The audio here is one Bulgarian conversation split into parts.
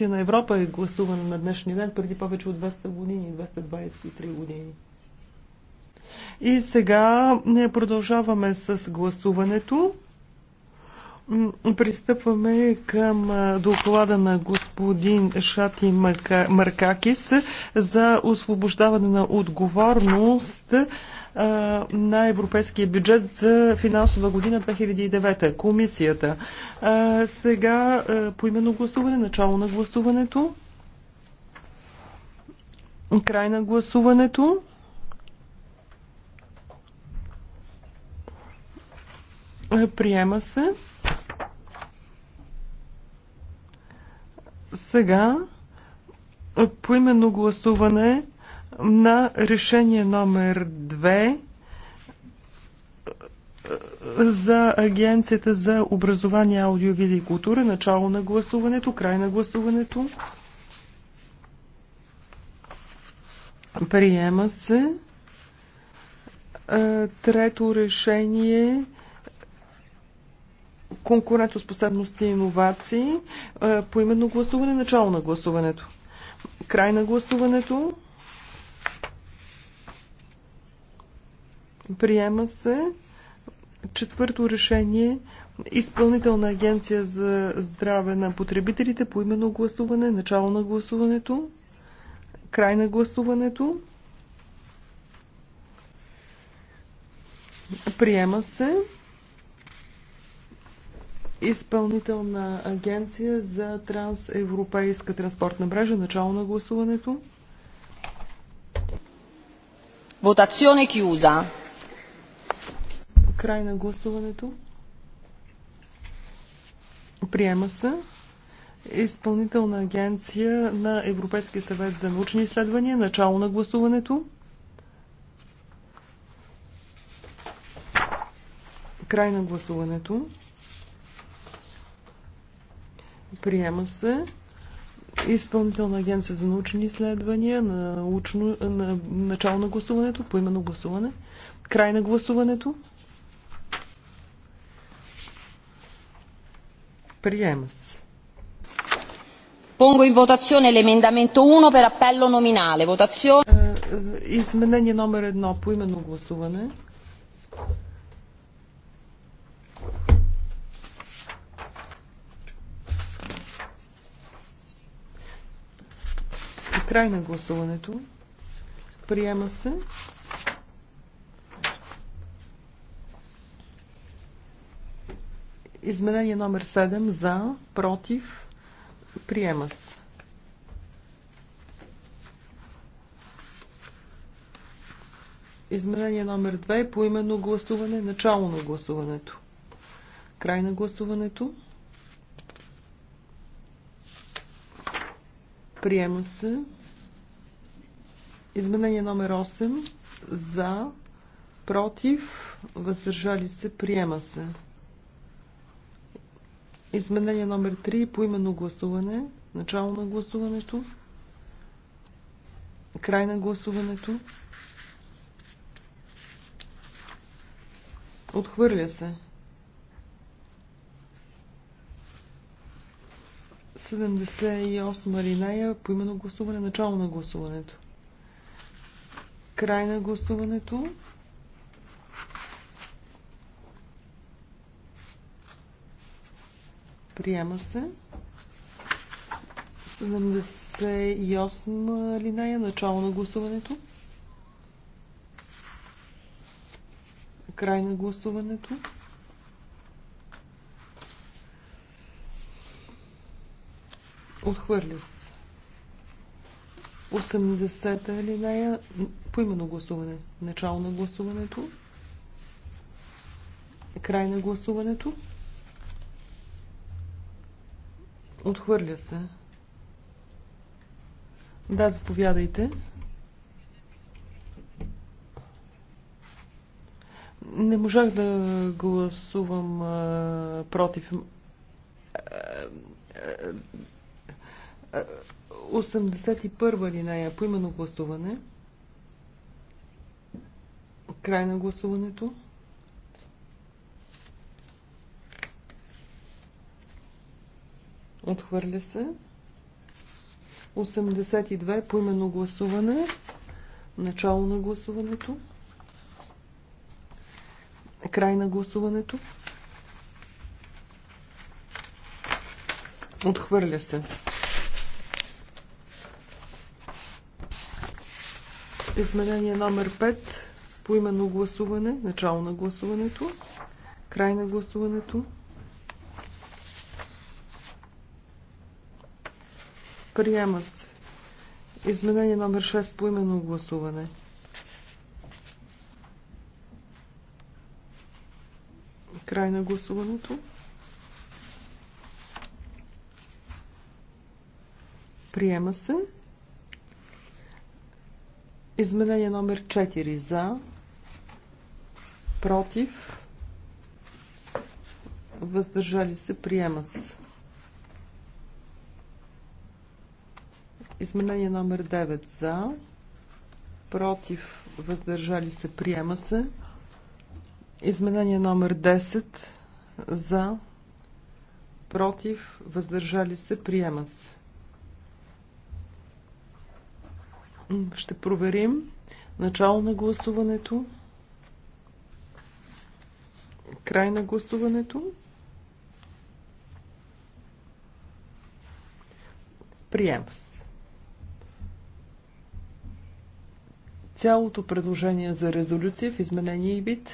на Европа е гласувана на днешния ден преди повече от 200 години, 223 години. И сега не продължаваме с гласуването. Пристъпваме към е, доклада на господин Шати Маркакис за освобождаване на отговорност на европейския бюджет за финансова година 2009. Комисията. Сега по именно гласуване, начало на гласуването, край на гласуването. Приема се. Сега по именно гласуване на решение номер 2 е, за Агенцията за образование, аудиовизия и култура. Начало на гласуването, край на гласуването. Приема се. Е, трето решение конкурентоспособност и иновации. Е, по именно гласуване, начало на гласуването. Край на гласуването. Приема се. Четвърто решение. Изпълнителна агенция за здраве на потребителите по именно гласуване, начало на гласуването, край на гласуването. Приема се. Изпълнителна агенция за трансевропейска транспортна мрежа, начало на гласуването. Votazione chiusa. Край на гласуването. Приема се. Изпълнителна агенция на Европейския съвет за научни изследвания. Начало на гласуването. Край на гласуването. Приема се. Изпълнителна агенция за научни изследвания, научно, на, начало на гласуването, поименно гласуване, край на гласуването. Приема се. Понго in votazione l'emendamento 1 per appello nominale. Votazione. Е, е, изменение номер едно по именно гласуване. Край на гласуването. Приема се. Изменение номер 7 за, против, приема се. Изменение номер 2 по именно гласуване, начало на гласуването. Край на гласуването. Приема се. Изменение номер 8 за, против, въздържали се, приема се. Изменение номер 3 по именно гласуване. Начало на гласуването. Край на гласуването. Отхвърля се. 78 алинея по именно гласуване. Начало на гласуването. Край на гласуването. Приема се. 78 линия, начало на гласуването. Край на гласуването. Отхвърля се. 80-та линия, поименно гласуване. Начало на гласуването. Край на гласуването. Отхвърля се. Да, заповядайте. Не можах да гласувам а, против. 81 линия по именно гласуване. Край на гласуването. Отхвърля се. 82 по именно гласуване. Начало на гласуването. Край на гласуването. Отхвърля се. Изменение номер 5 по именно гласуване. Начало на гласуването. Край на гласуването. Приема се. Изменение номер 6 по именно гласуване. Край на гласуването. Приема се. Изменение номер 4 за. Против. Въздържали се. Приема се. Изменение номер 9 за. Против. Въздържали се. Приема се. Изменение номер 10 за. Против. Въздържали се. Приема се. Ще проверим начало на гласуването, край на гласуването, Приемс. се. цялото предложение за резолюция в изменение и вид.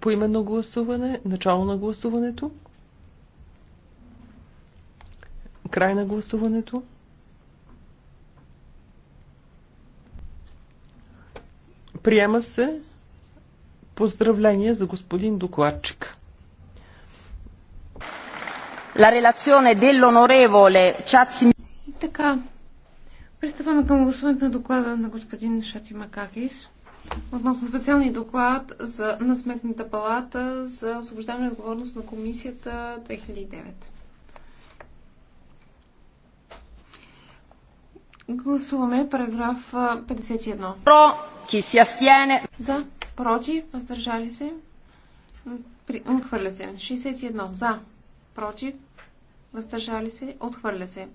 Поименно гласуване, начало на гласуването, край на гласуването. Приема се поздравление за господин докладчик. La relazione dell'onorevole Ciazzi. Така, Пристъпваме към гласуването на доклада на господин Шати Макакис относно специалния доклад за, на Сметната палата за освобождаване на отговорност на комисията 2009. Гласуваме параграф 51. Про, ки си За, против, въздържали се. При, отхвърля се. 61. За, против, въздържали се, отхвърля се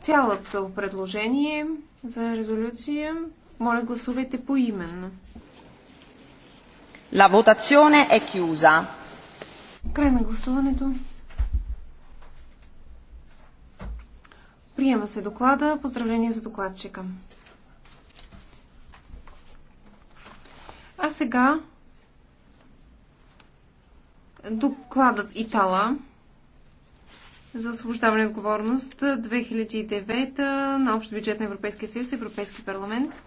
цялото предложение за резолюция. Моля, гласувайте поименно. La votazione è chiusa. Край на гласуването. Приема се доклада. Поздравление за докладчика. А сега докладът Итала за освобождаване отговорност 2009 на общ бюджет на Европейския съюз и Европейски парламент.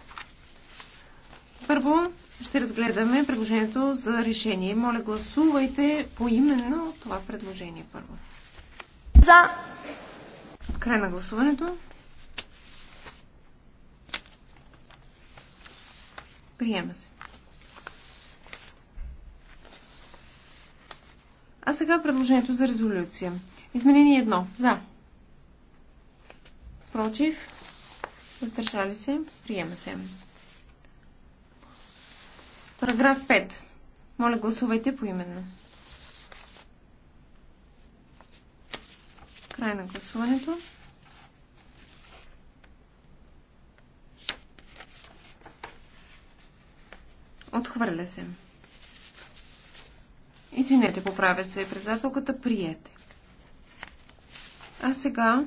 Първо ще разгледаме предложението за решение. Моля, гласувайте по именно това предложение първо. За. Край на гласуването. Приема се. А сега предложението за резолюция. Изменение едно. За. Против. Въздържали се. Приема се. Параграф 5. Моля, гласувайте поименно. Край на гласуването. Отхвърля се. Извинете, поправя се председателката. Приете. А сега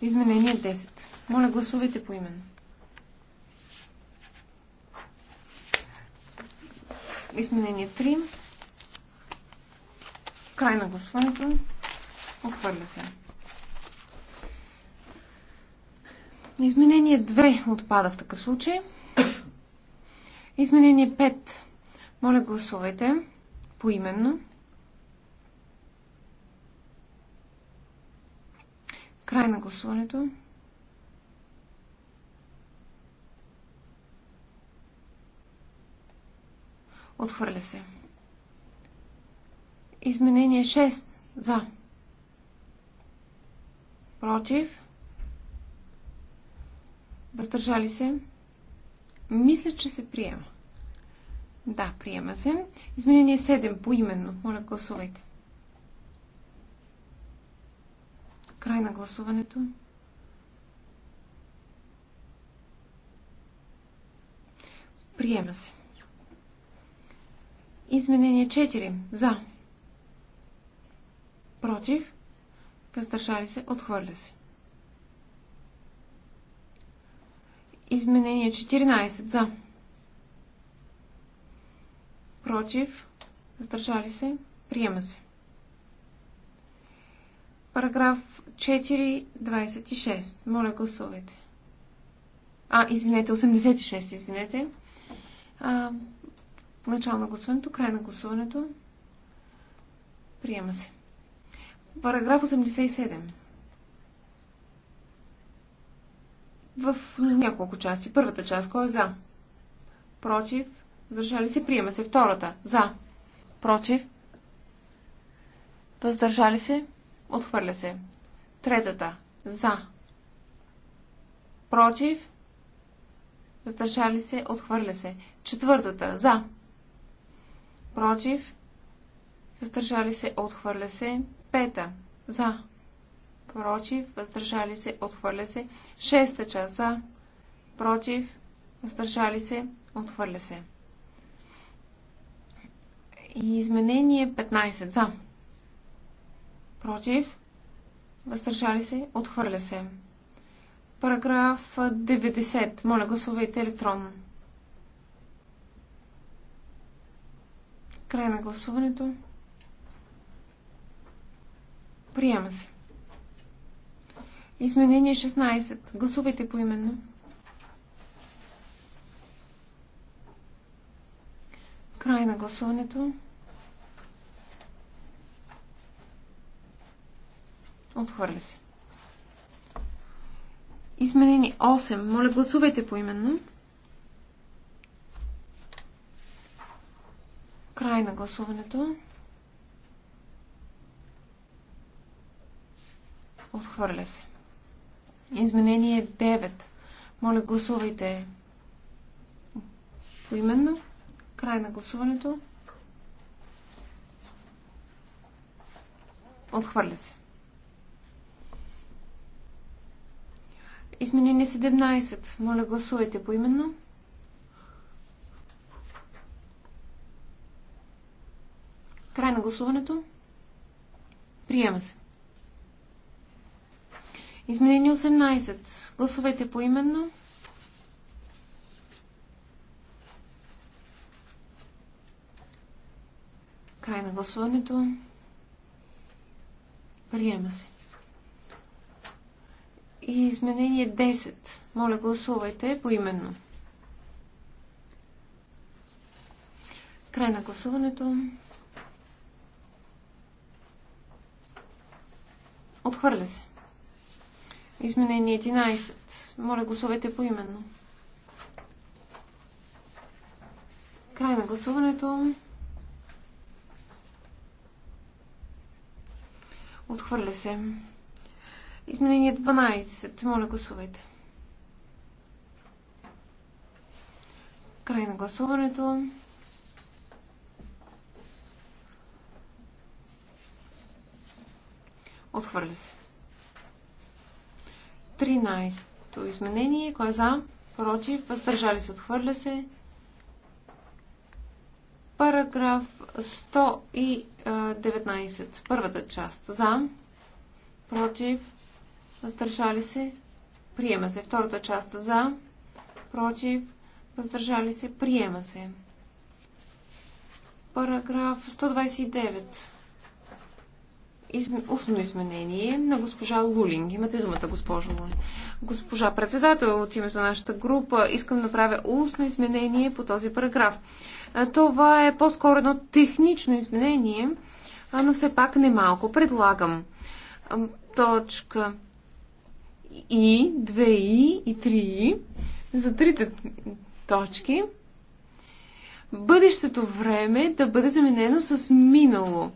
изменение 10. Моля, гласувайте по имен. Изменение 3. Край на гласуването. Отхвърля се. Изменение 2 отпада в такъв случай. Изменение 5. Моля, гласувайте поименно. Край на гласуването. Отхвърля се. Изменение 6. За. Против. Въздържали се. Мисля, че се приема. Да, приема се. Изменение 7. Поименно. Моля, гласувайте. Край на гласуването. Приема се. Изменение 4. За. Против. Въздържали се. Отхвърля се. Изменение 14. За. Против. Въздържали се. Приема се. Параграф 4.26. Моля, гласувайте. А, извинете, 86, извинете. А, начало на гласуването, край на гласуването. Приема се. Параграф 87. В няколко части. Първата част, кой е за? Против. Въздържали се, приема се. Втората. За. Против. Въздържали се. Отхвърля се. Третата. За. Против. Въздържали се. Отхвърля се. Четвъртата. За. Против. Въздържали се. Отхвърля се. Пета. За. Против. Въздържали се. Отхвърля се. Шеста част. За. Против. Въздържали се. Отхвърля се. И изменение 15. За. Против. Въздържали се? Отхвърля се. Параграф 90. Моля, гласувайте електронно. Край на гласуването. Приема се. Изменение 16. Гласувайте поименно. Край на гласуването. Отхвърля се. Изменени 8. Моля, гласувайте поименно. Край на гласуването. Отхвърля се. Изменение 9. Моля, гласувайте поименно. Край на гласуването. Отхвърля се. Изменение 17. Моля, гласувайте поименно. Край на гласуването. Приема се. Изменение 18. Гласувайте поименно. Край на гласуването. Приема се и изменение 10. Моля, гласувайте поименно. Край на гласуването. Отхвърля се. Изменение 11. Моля, гласувайте поименно. Край на гласуването. Отхвърля се. Изменение 12. Моля, гласувайте. Край на гласуването. Отхвърля се. 13-то изменение. Кой е за? Против? Въздържали се? Отхвърля се. Параграф 119. Първата част. За? Против? въздържали се, приема се. Втората част за, против, въздържали се, приема се. Параграф 129. Устно изменение на госпожа Лулинг. Имате думата, госпожо Лулинг. Госпожа председател от името на нашата група, искам да направя устно изменение по този параграф. Това е по-скоро едно технично изменение, но все пак не малко. Предлагам точка и, две и и три и за трите точки бъдещето време да бъде заменено с минало.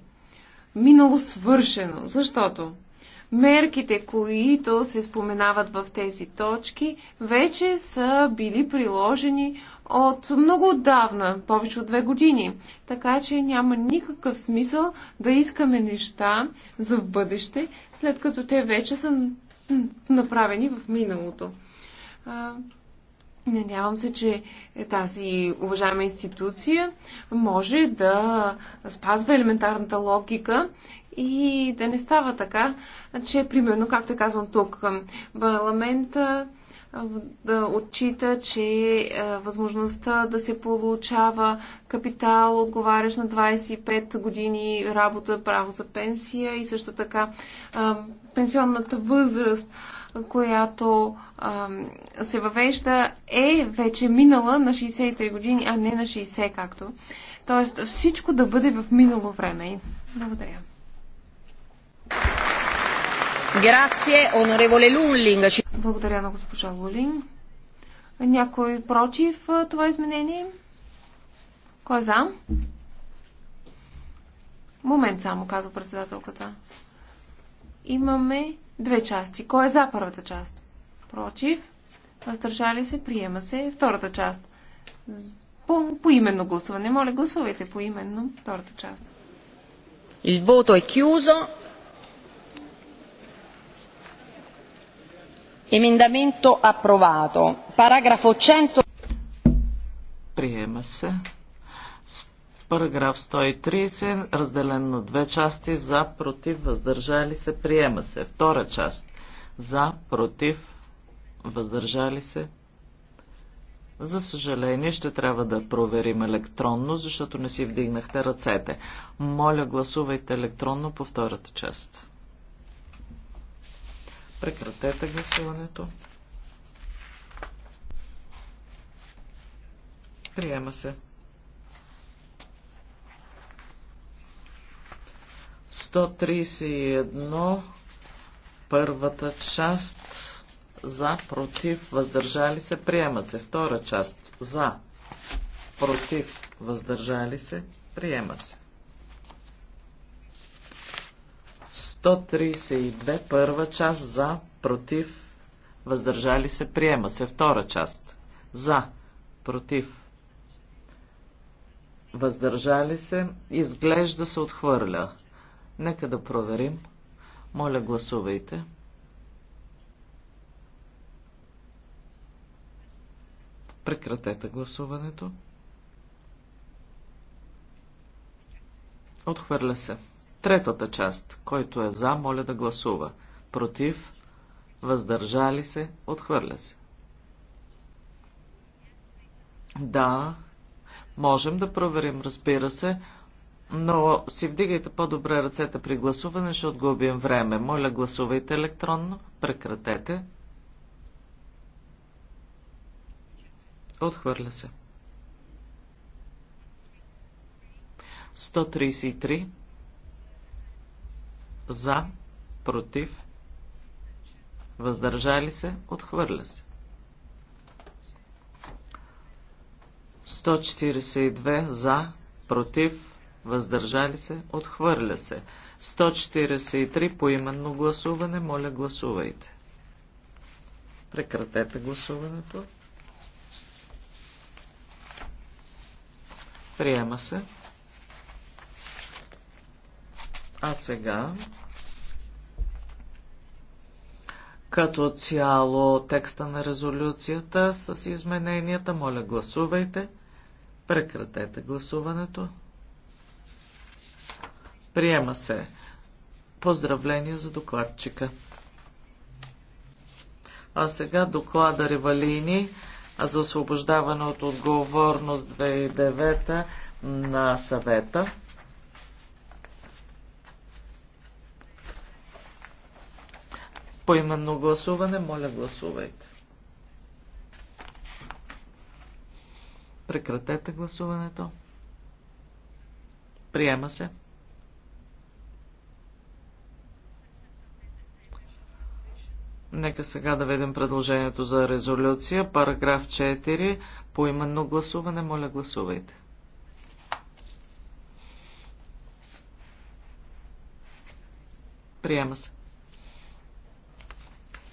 Минало свършено, защото мерките, които се споменават в тези точки, вече са били приложени от много отдавна, повече от две години. Така че няма никакъв смисъл да искаме неща за бъдеще, след като те вече са направени в миналото. Надявам се, че тази уважаема институция може да спазва елементарната логика и да не става така, че, примерно, както е казано тук, парламента да отчита, че е, възможността да се получава капитал, отговаряш на 25 години работа, право за пенсия и също така е, пенсионната възраст, която е, се въвежда, е вече минала на 63 години, а не на 60 както. Тоест всичко да бъде в минало време. Благодаря. Благодаря на госпожа Лулинг. Някой против това изменение? Кой е за? Момент само, казва председателката. Имаме две части. Кой е за първата част? Против. Въздържали се, приема се. Втората част. По, поименно гласуване. Моля, гласувайте по именно втората част. Il voto è chiuso Emendamento approvato. Параграфо 100. Приема се. Параграф 130, разделен на две части, за, против, въздържали се, приема се. Втора част, за, против, въздържали се. За съжаление, ще трябва да проверим електронно, защото не си вдигнахте ръцете. Моля, гласувайте електронно по втората част. Прекратете гласуването. Приема се. 131 първата част за, против, въздържали се, приема се. Втора част за, против, въздържали се, приема се. 132 първа част за, против, въздържали се, приема се. Втора част за, против, въздържали се, изглежда се отхвърля. Нека да проверим. Моля, гласувайте. Прекратете гласуването. Отхвърля се. Третата част. Който е за, моля да гласува. Против, въздържали се, отхвърля се. Да, можем да проверим, разбира се, но си вдигайте по-добре ръцете при гласуване, ще отгубим време. Моля, гласувайте електронно, прекратете. Отхвърля се. 133 за, против, въздържали се, отхвърля се. 142 за, против, въздържали се, отхвърля се. 143 по именно гласуване, моля гласувайте. Прекратете гласуването. Приема се. А сега като цяло текста на резолюцията с измененията. Моля, гласувайте. Прекратете гласуването. Приема се. Поздравление за докладчика. А сега доклада Ревалини за освобождаване от отговорност 2009 на съвета. Поименно гласуване, моля гласувайте. Прекратете гласуването. Приема се. Нека сега да видим предложението за резолюция. Параграф 4. Поименно гласуване. Моля, гласувайте. Приема се.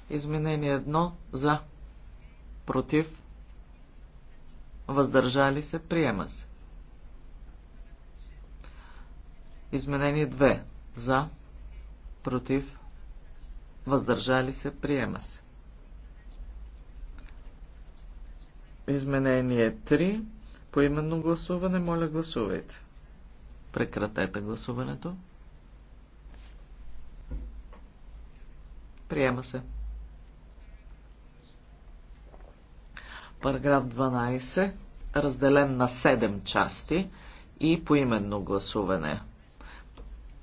Изменение 1 за. Против. Въздържали се. Приема се. Изменение 2 за. Против. Въздържали се. Приема се. Изменение 3. По именно гласуване, моля гласувайте. Прекратете гласуването. Приема се. Параграф 12, разделен на 7 части и поименно гласуване.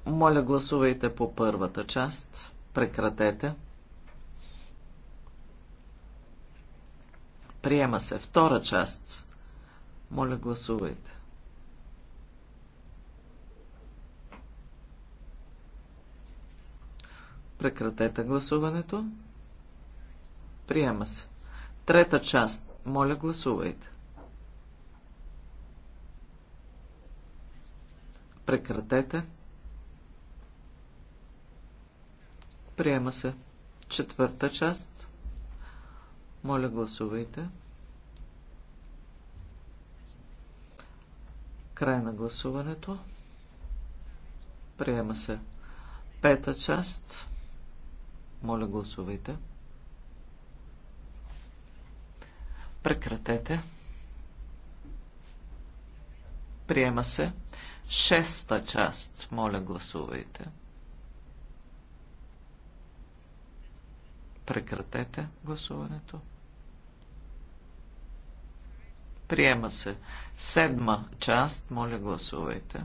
Моля, гласувайте по първата част. Прекратете. Приема се втора част. Моля, гласувайте. Прекратете гласуването. Приема се. Трета част. Моля, гласувайте. Прекратете. Приема се. Четвърта част. Моля, гласувайте. Край на гласуването. Приема се. Пета част. Моля, гласувайте. Прекратете. Приема се. Шеста част. Моля, гласувайте. Прекратете гласуването. Приема се. Седма част. Моля, гласувайте.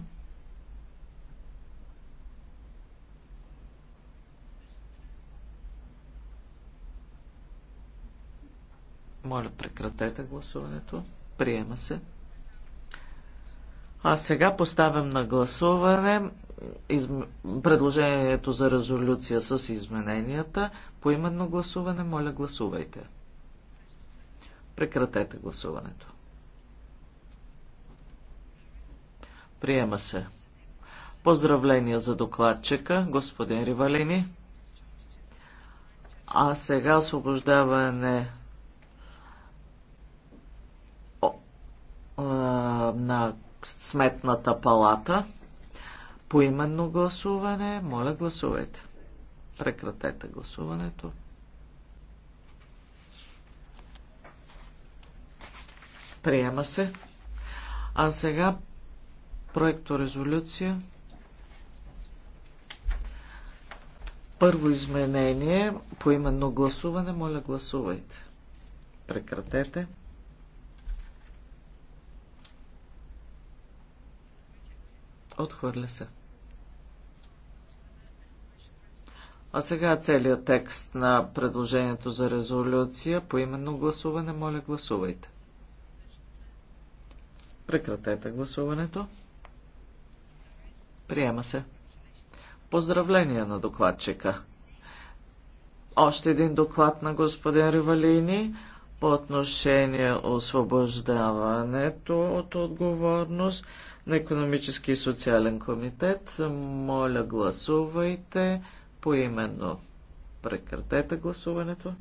Моля, прекратете гласуването. Приема се. А сега поставям на гласуване изм... предложението за резолюция с измененията. По именно гласуване, моля, гласувайте. Прекратете гласуването. Приема се. Поздравления за докладчика, господин Ривалини. А сега освобождаване Е, на Сметната палата. По именно гласуване. Моля, гласувайте. Прекратете гласуването. Приема се. А сега проекто резолюция. Първо изменение по именно гласуване. Моля, гласувайте. Прекратете. Отхвърля се. А сега целият текст на предложението за резолюция по именно гласуване. Моля, гласувайте. Прекратете гласуването. Приема се. Поздравления на докладчика. Още един доклад на господин Ривалини по отношение освобождаването от отговорност на економически и социален комитет. Моля, гласувайте поименно. Прекратете гласуването.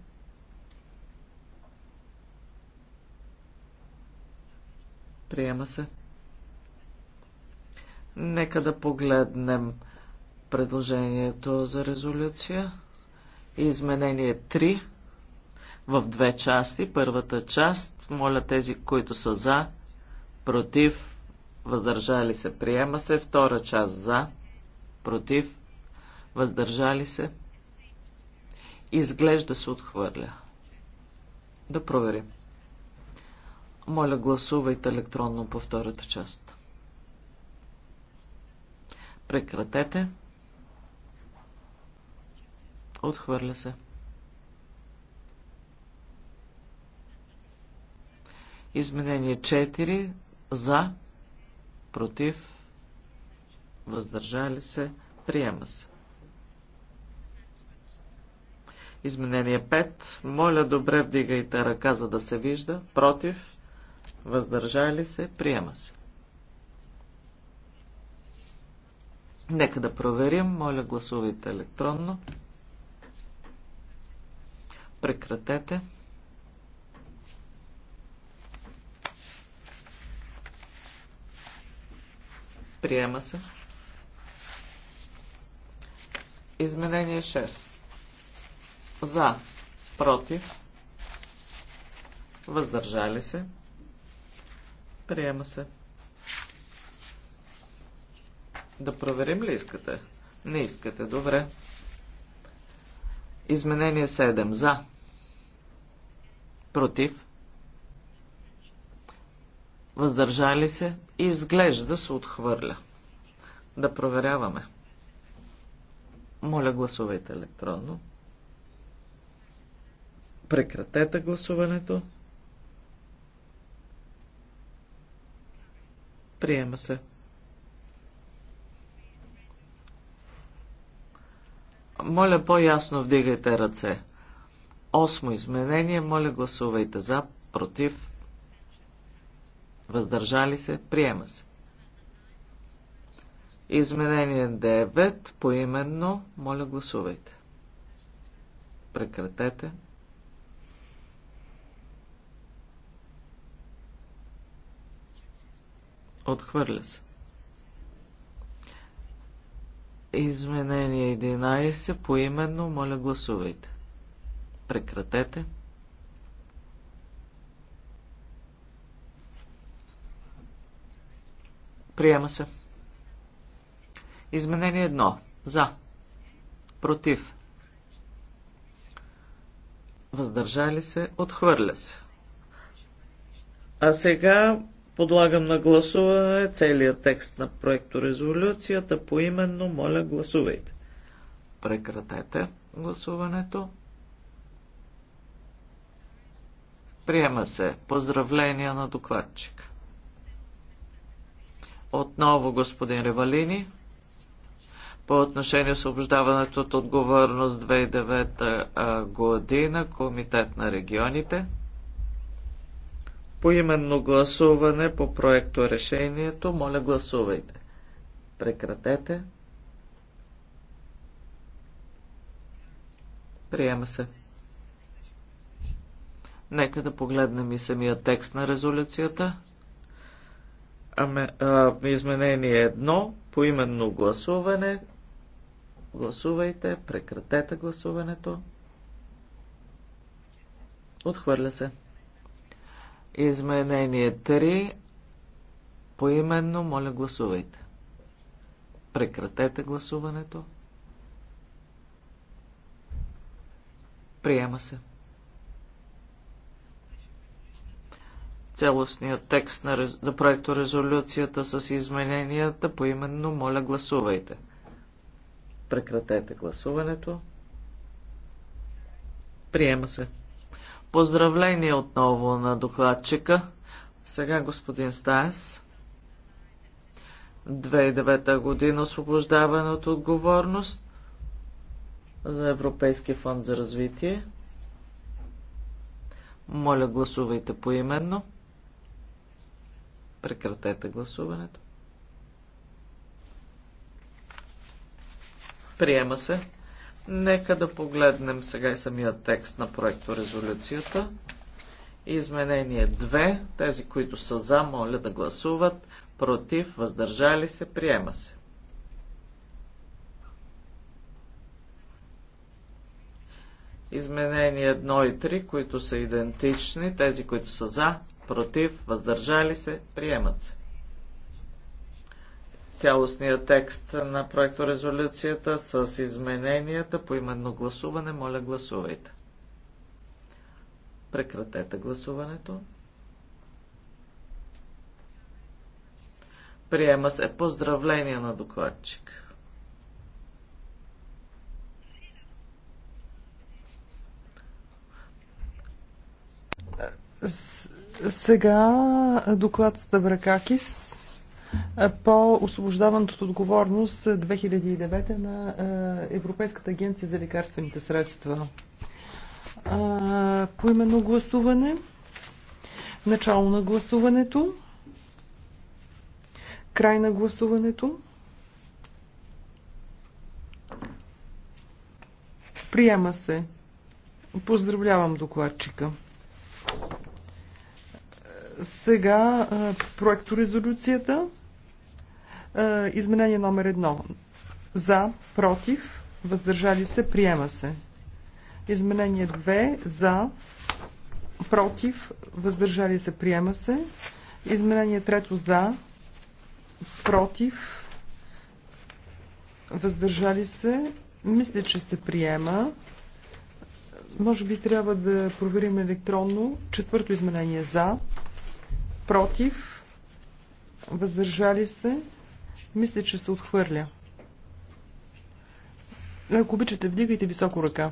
Приема се. Нека да погледнем предложението за резолюция. Изменение 3 в две части. Първата част, моля тези, които са за, против, въздържали се, приема се. Втора част за, против, въздържали се, изглежда се отхвърля. Да проверим. Моля, гласувайте електронно по втората част. Прекратете. Отхвърля се. Изменение 4. За против, въздържали се, приема се. Изменение 5. Моля, добре вдигайте ръка, за да се вижда. Против, въздържали се, приема се. Нека да проверим. Моля, гласувайте електронно. Прекратете. Приема се. Изменение 6. За. Против. Въздържали се. Приема се. Да проверим ли искате? Не искате. Добре. Изменение 7. За. Против въздържали се, изглежда се отхвърля. Да проверяваме. Моля, гласувайте електронно. Прекратете гласуването. Приема се. Моля по-ясно вдигайте ръце. Осмо изменение. Моля гласувайте за, против, въздържали се, приема се. Изменение 9, поименно, моля гласувайте. Прекратете. Отхвърля се. Изменение 11, поименно, моля гласувайте. Прекратете. Приема се. Изменение едно. За. Против. Въздържали се. Отхвърля се. А сега подлагам на гласуване целият текст на проекторезолюцията по именно. Моля, гласувайте. Прекратете гласуването. Приема се. Поздравления на докладчика. Отново господин Ревалини по отношение освобождаването от отговорност 2009 година, Комитет на регионите. Поименно гласуване по проекто решението. Моля, гласувайте. Прекратете. Приема се. Нека да погледнем и самия текст на резолюцията изменение 1 по именно гласуване. Гласувайте, прекратете гласуването. Отхвърля се. Изменение 3 Поименно моля гласувайте. Прекратете гласуването. Приема се. цялостния текст на, рез... на проекторезолюцията с измененията по именно моля гласувайте. Прекратете гласуването. Приема се. Поздравление отново на докладчика. Сега господин Стаес. 2009 година освобождаване от отговорност за Европейския фонд за развитие. Моля гласувайте поименно. Прекратете гласуването. Приема се. Нека да погледнем сега и самия текст на проекто резолюцията. Изменение 2. Тези, които са за, моля да гласуват. Против, въздържали се, приема се. Изменение 1 и 3, които са идентични. Тези, които са за, против, въздържали се, приемат се. Цялостният текст на проекторезолюцията с измененията по именно гласуване, моля гласувайте. Прекратете гласуването. Приема се поздравление на докладчик. С сега доклад Ставракакис по освобождаването от отговорност 2009 на Европейската агенция за лекарствените средства. По именно гласуване. Начало на гласуването. Край на гласуването. Приема се. Поздравлявам докладчика. Сега проекторезолюцията. Изменение номер едно. За, против, въздържали се, приема се. Изменение 2. За, против, въздържали се, приема се. Изменение трето За, против, въздържали се, мисля, че се приема. Може би трябва да проверим електронно. Четвърто изменение за против, въздържали се, мисля, че се отхвърля. Ако обичате, вдигайте високо ръка.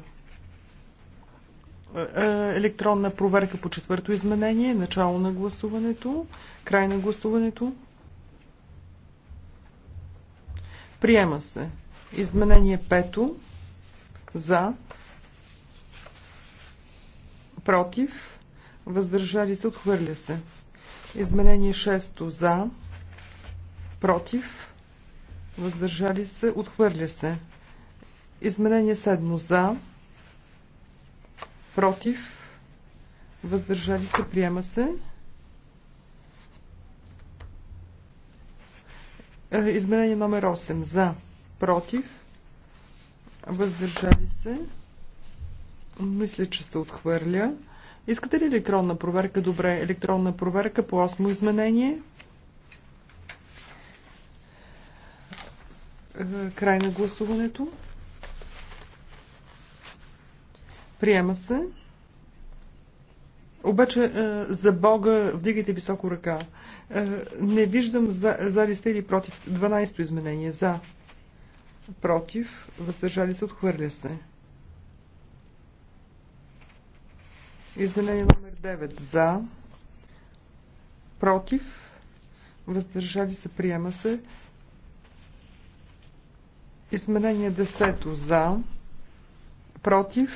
Е, е, електронна проверка по четвърто изменение, начало на гласуването, край на гласуването. Приема се. Изменение пето. За. Против. Въздържали се. Отхвърля се. Изменение 6 за, против, въздържали се, отхвърля се. Изменение 7 за, против, въздържали се, приема се. Е, изменение номер 8 за, против, въздържали се. Мисля, че се отхвърля. Искате ли електронна проверка? Добре, електронна проверка по 8 изменение. Е, край на гласуването. Приема се. Обаче, е, за Бога, вдигайте високо ръка. Е, не виждам за, за ли сте или против. 12-то изменение. За. Против. Въздържали се. Отхвърля се. Изменение номер 9 за, против, въздържали се, приема се. Изменение 10 за, против,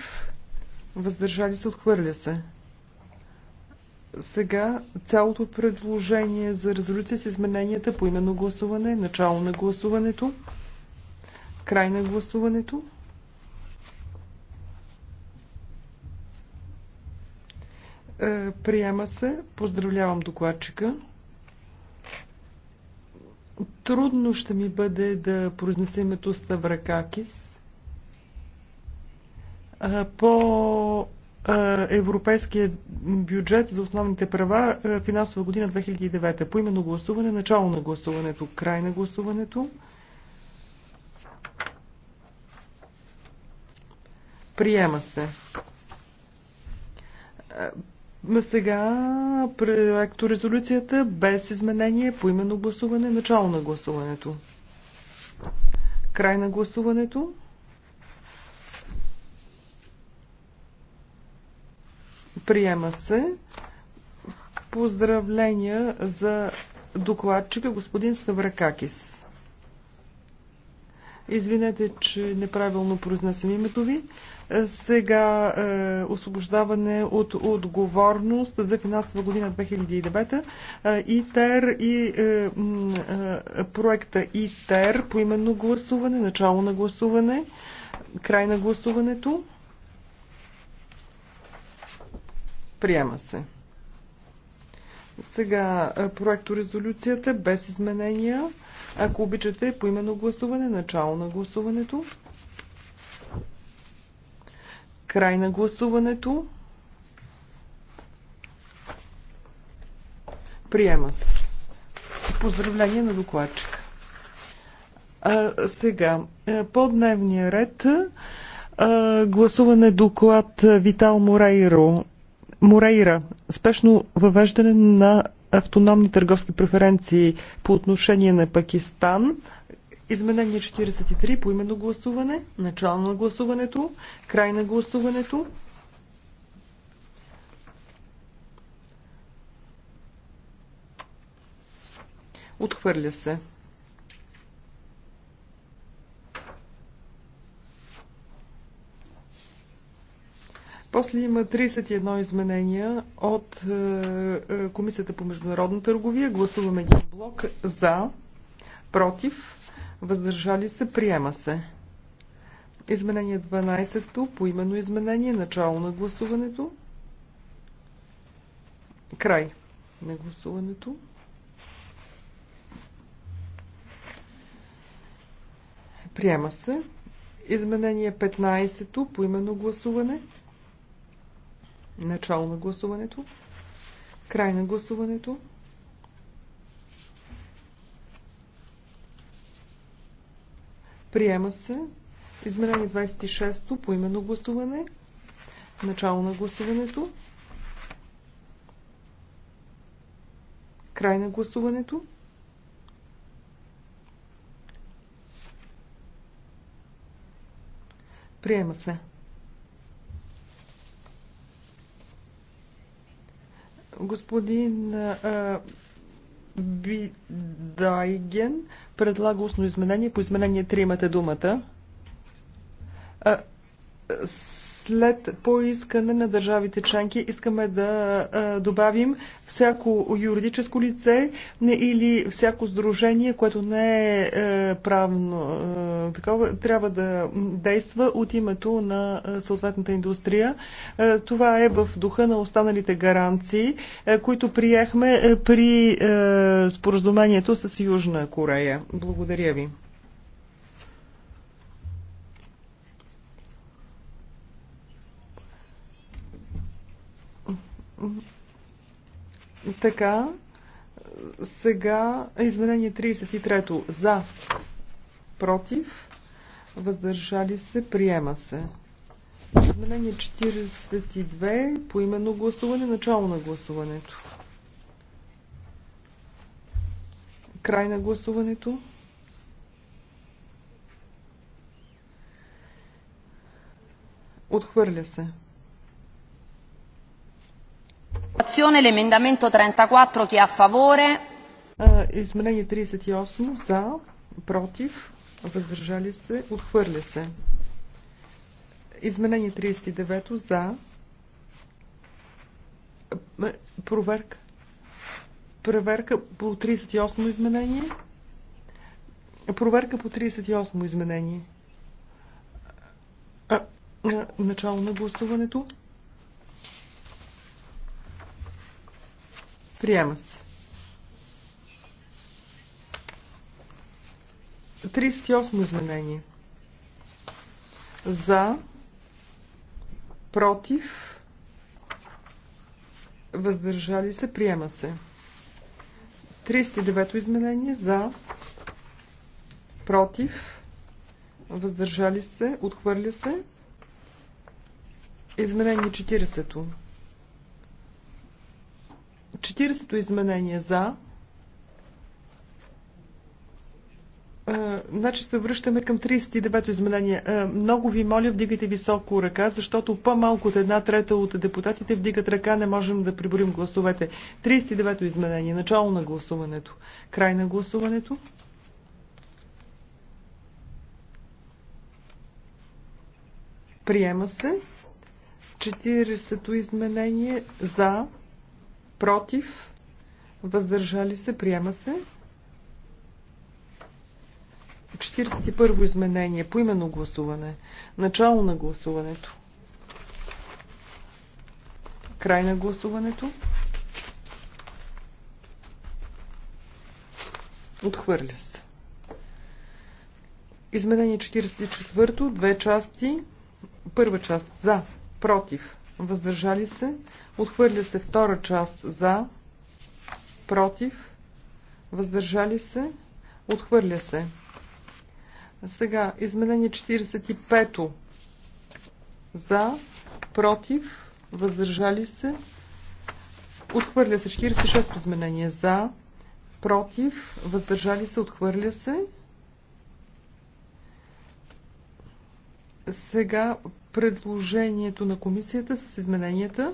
въздържали се, отхвърля се. Сега цялото предложение за резолюция с измененията по именно гласуване, начало на гласуването, край на гласуването. Е, приема се. Поздравлявам докладчика. Трудно ще ми бъде да произнеса името Ставракакис. Е, по е, европейския бюджет за основните права финансова година 2009. По именно гласуване, начало на гласуването, край на гласуването. Приема се. Сега резолюцията без изменение по именно гласуване, начало на гласуването. Край на гласуването. Приема се. Поздравления за докладчика господин Ставракакис. Извинете, че неправилно произнасям името ви. Сега е, освобождаване от отговорност за финансова година 2009 е, ИТЕР и е, е, проекта ИТЕР по именно гласуване, начало на гласуване, край на гласуването. Приема се. Сега е, проекто резолюцията без изменения. Ако обичате, по именно гласуване, начало на гласуването. Край на гласуването. Приема се. Поздравление на докладчика. А, сега, по дневния ред а, гласуване доклад Витал Морейро. Морейра. Спешно въвеждане на автономни търговски преференции по отношение на Пакистан. Изменение 43 по именно гласуване, начало на гласуването, край на гласуването. Отхвърля се. После има 31 изменения от е, е, Комисията по международна търговия. Гласуваме един блок за, против, въздържали се, приема се. Изменение 12-то, поименно изменение, начало на гласуването, край на гласуването. Приема се. Изменение 15-то, поименно гласуване, начало на гласуването, край на гласуването. Приема се. Изменение 26-то по именно гласуване. Начало на гласуването. Край на гласуването. Приема се. Господин а, Бидайген предлага устно изменение. По изменение 3 имате думата след поискане на държавите членки искаме да а, добавим всяко юридическо лице не, или всяко сдружение, което не е, е а, правно такова, трябва да действа от името на съответната индустрия. това е в духа на останалите гаранции, които приехме при споразумението с Южна Корея. Благодаря ви. Така, сега изменение 33-то за, против, въздържали се, приема се. Изменение 42 по именно гласуване, начало на гласуването. Край на гласуването. Отхвърля се. L'emendamento 34, chi a favore? Изменение 38, за, против, въздържали се, отхвърля се. Изменение 39, за, проверка. Проверка по 38 изменение. Проверка по 38 изменение. А, а, начало на гласуването. Приема се. 38 изменение. За, против, въздържали се, приема се. 39 изменение. За, против, въздържали се, отхвърля се. Изменение 40. -то. 40-то изменение за. значи се връщаме към 39-то изменение. Много ви моля, вдигайте високо ръка, защото по-малко от една трета от депутатите вдигат ръка, не можем да приборим гласовете. 39-то изменение. Начало на гласуването. Край на гласуването. Приема се. 40-то изменение за против, въздържали се, приема се. 41 изменение, по именно гласуване, начало на гласуването, край на гласуването, отхвърля се. Изменение 44, две части, първа част за, против, въздържали се, отхвърля се втора част за, против, въздържали се, отхвърля се. Сега, изменение 45-то за, против, въздържали се, отхвърля се 46-то изменение за, против, въздържали се, отхвърля се. Сега предложението на комисията с измененията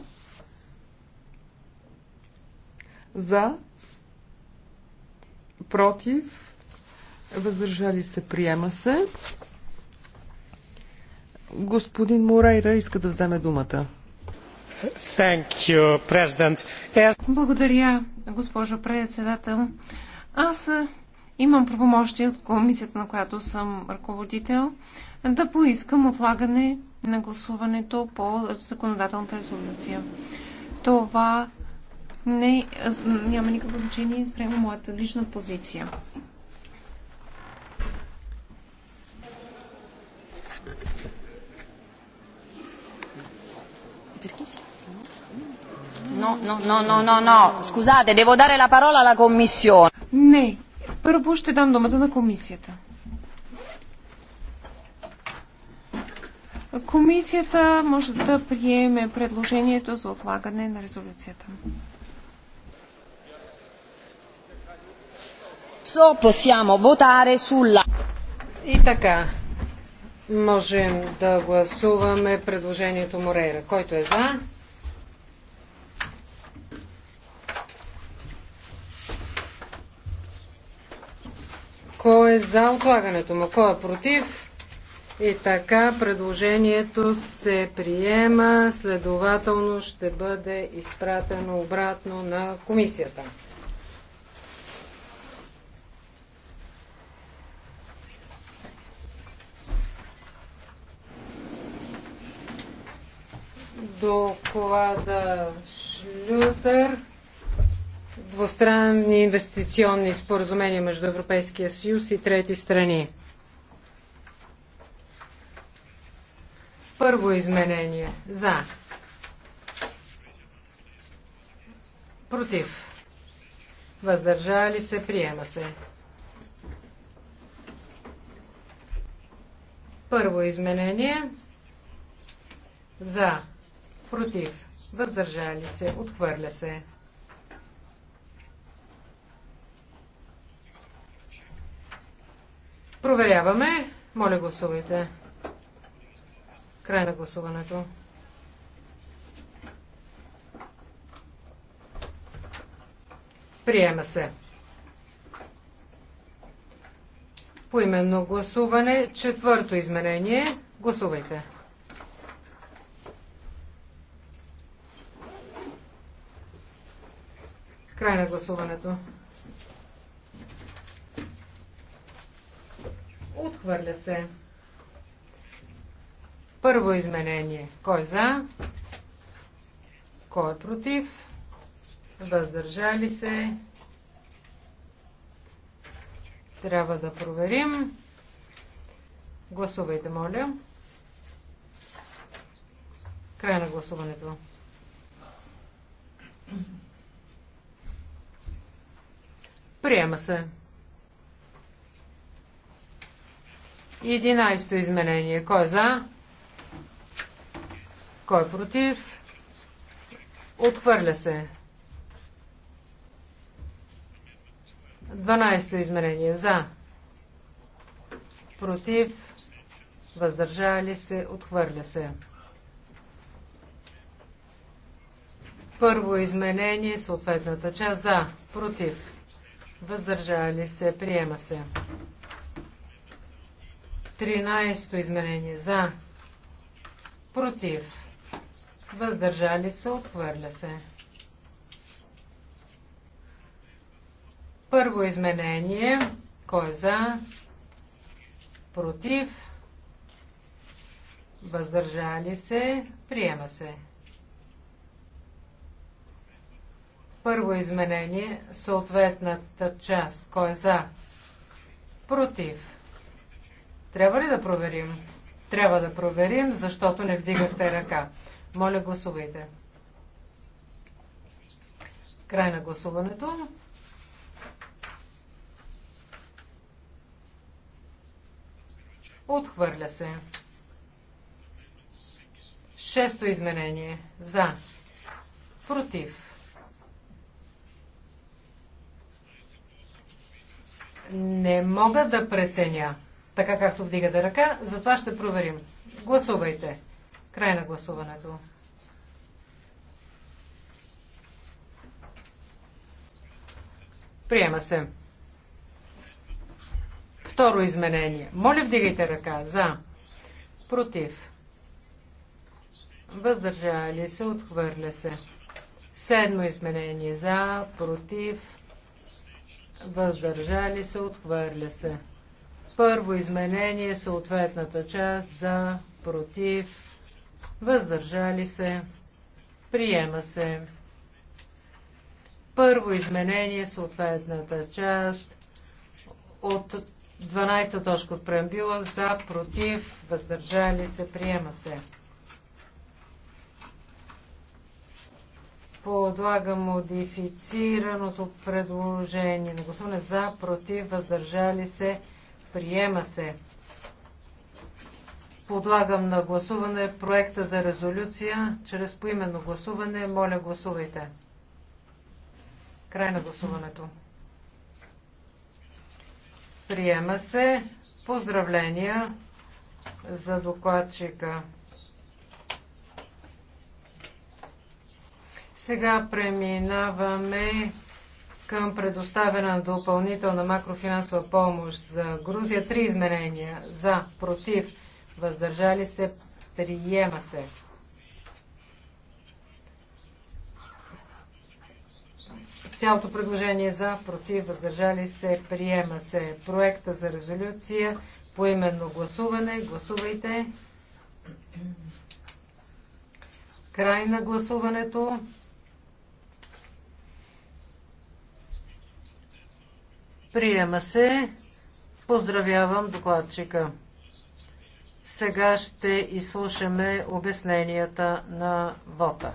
за, против, въздържали се, приема се. Господин Морейра иска да вземе думата. You, е, Благодаря, госпожо председател. Аз Имам правомощие от комисията, на която съм ръководител, да поискам отлагане на гласуването по законодателната резолюция. Това не, няма никакво значение спрямо моята лична позиция. No, no, no, no, no, no. Scusate, devo dare la parola alla Commissione. Не, първо ще дам думата на комисията. Комисията може да приеме предложението за отлагане на резолюцията. И така, можем да гласуваме предложението Морейра. Който е за? Кой е за отлагането му? Кой е против? И така предложението се приема, следователно ще бъде изпратено обратно на комисията. доклада Шлютер двустранни инвестиционни споразумения между Европейския съюз и трети страни. Първо изменение. За. Против. Въздържали се. Приема се. Първо изменение. За. Против. Въздържали се. Отхвърля се. Проверяваме. Моля, гласувайте. Край на гласуването. Приема се. Поименно гласуване. Четвърто изменение. Гласувайте. Край на гласуването. Отхвърля се. Първо изменение. Кой за? Кой е против? Въздържали се? Трябва да проверим. Гласувайте, моля. Край на гласуването. Приема се. Единайсто изменение. Кой е за? Кой е против? Отхвърля се. 12-то измерение. За. Против. Въздържали се. Отхвърля се. Първо изменение. Съответната част. За. Против. Въздържали се. Приема се. 13-то изменение за, против, въздържали се, отхвърля се. Първо изменение, кой е за, против, въздържали се, приема се. Първо изменение, съответната част, кой е за, против, трябва ли да проверим? Трябва да проверим, защото не вдигате ръка. Моля, гласувайте. Край на гласуването. Отхвърля се. Шесто изменение. За. Против. Не мога да преценя така както вдигате ръка. Затова ще проверим. Гласувайте. Край на гласуването. Приема се. Второ изменение. Моля, вдигайте ръка. За. Против. Въздържали се. Отхвърля се. Седмо изменение. За. Против. Въздържали се. Отхвърля се. Първо изменение, съответната част за, против, въздържали се, приема се. Първо изменение, съответната част от 12 точка от преамбюла за, против, въздържали се, приема се. Подлага модифицираното предложение на гласуване за, против, въздържали се, се Приема се. Подлагам на гласуване проекта за резолюция чрез поименно гласуване. Моля, гласувайте. Край на гласуването. Приема се. Поздравления за докладчика. Сега преминаваме към предоставяне на допълнителна макрофинансова помощ за Грузия. Три изменения за, против, въздържали се, приема се. Цялото предложение за, против, въздържали се, приема се. Проекта за резолюция по именно гласуване. Гласувайте. Край на гласуването. Приема се. Поздравявам докладчика. Сега ще изслушаме обясненията на вота.